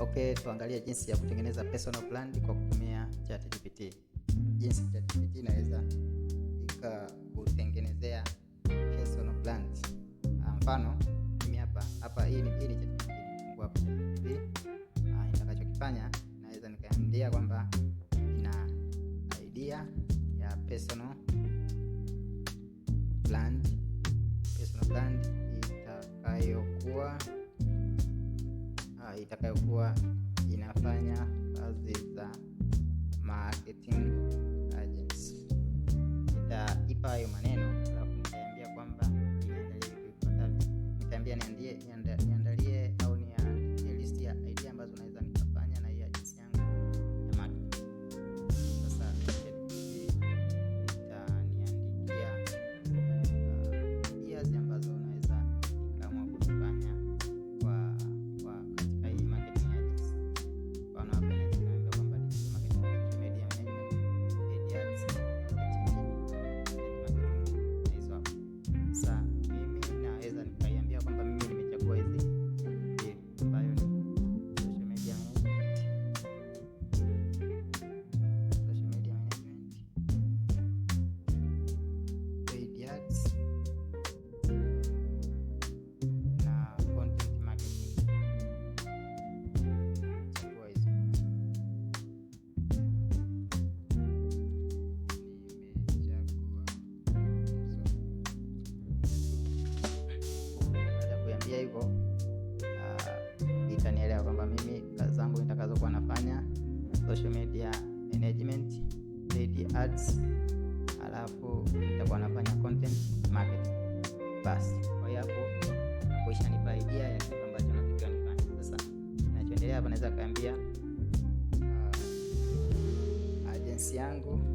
Okay, tuangalie jinsi ya kutengeneza personal brand kwa kutumia ChatGPT. Jinsi ChatGPT inaweza ikakutengenezea personal brand. Ah, mfano mimi hapa hapa, hii ni ChatGPT nimefungua ChatGPT. Ah, nitakachokifanya naweza nikaambia kwamba ina idea ya personal brand, personal brand itakayokuwa itakayokuwa inafanya kazi za marketing agency. Nitaipa hayo hivyo uh, itanielewa kwamba mimi kazi zangu nitakazokuwa nafanya social media management, paid ads, alafu nitakuwa nafanya content marketing. Basi kwa hiyo hapo kuishanipa idea ya kitu ambacho natakiwa nifanye. Sasa ninachoendelea hapa naweza kaambia uh, ah, agency yangu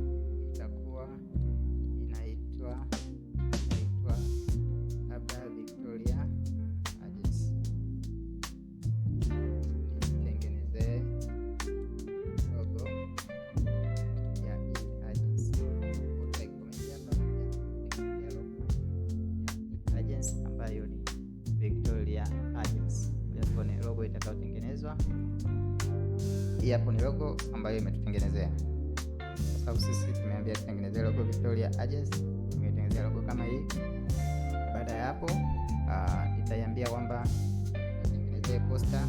hii hapo ni logo ambayo imetutengenezea. Kwa sababu sisi tumeambia tutengenezee logo Victoria Agency, imetengenezea logo kama hii. Baada ya hapo, ah, itaiambia kwamba tengenezee poster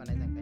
I think.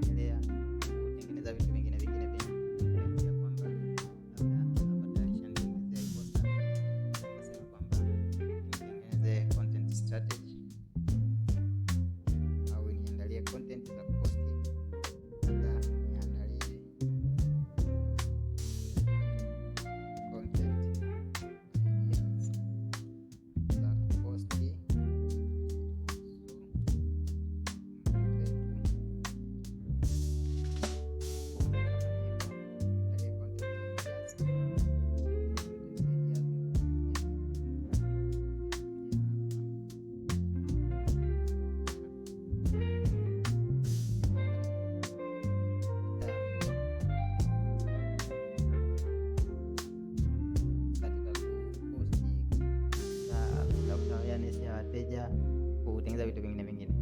kuongeza vitu vingine vingine.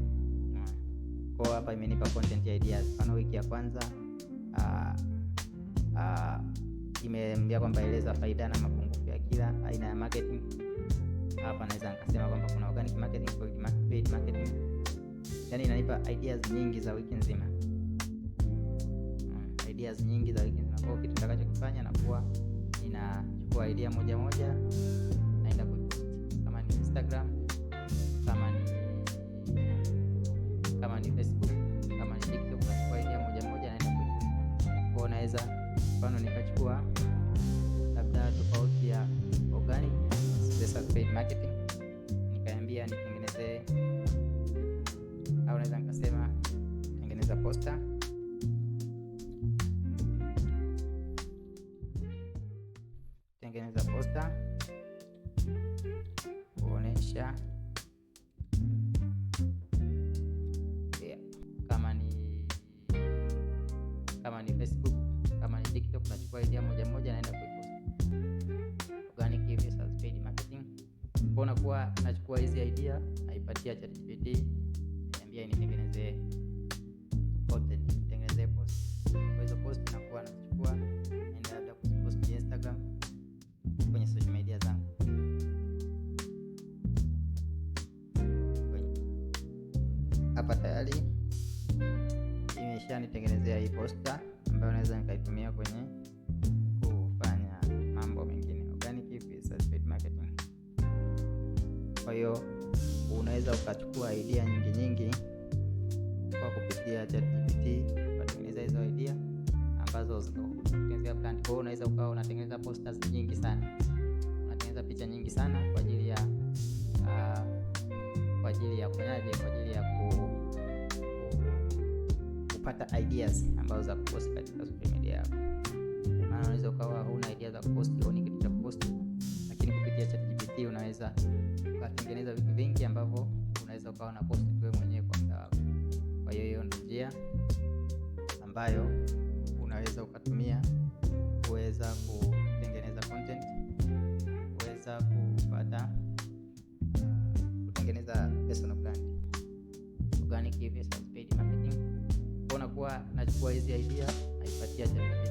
ko hapa imenipa content ideas. Mfano wiki ya kwanza uh, ah, uh, ah, imeambia kwamba eleza faida na mapungufu ya kila aina ya marketing. Hapa naweza nikasema kwamba kuna organic marketing, paid marketing. Yani inanipa ideas nyingi za wiki nzima uh, ideas nyingi za wiki nzima. Kwa hiyo kitu nitakachokifanya nakuwa ninachukua idea moja moja naenda kuipost kama ni Instagram mfano nikachukua labda tofauti ya organic versus paid marketing, nikaambia nitengeneze, au naweza nikasema tengeneza poster TikTok nachukua kunachukua idea moja moja naenda kuiposti organic hivyo, paid marketing. Kwa nakuwa nachukua hizi idea naipatia ChatGPT, niambia initengeneze content, nitengeneze post. Kwa hizo post nakuwa nachukua naenda labda kupost Instagram, kwenye social media zangu hapa tayari nitengenezea hii posta ambayo unaweza nikaitumia kwenye kufanya mambo mengine organic marketing. Kwa hiyo unaweza ukachukua idea nyingi nyingi kwa kupitia ChatGPT ukatengeneza hizo idea ambazo zinakutengenezea brand. Kwa hiyo unaweza ukawa unatengeneza posters nyingi sana, unatengeneza picha nyingi sana kwa ajili ya uh, kwa ajili ya kufanyaje, kwa ajili ya ku kupata ideas ambazo za kupost katika social media yako. Maana unaweza ukawa huna idea za kupost au ni kitu cha kupost, lakini kupitia ChatGPT unaweza ukatengeneza vitu vingi ambavyo unaweza ukawa na post wewe mwenyewe kwa muda wako. Kwa hiyo hiyo ndio njia ambayo unaweza ukatumia kuweza kutengeneza content, kuweza kupata uh, kutengeneza personal brand. Organic business nakuwa nachukua hizi idea naipatia jamii.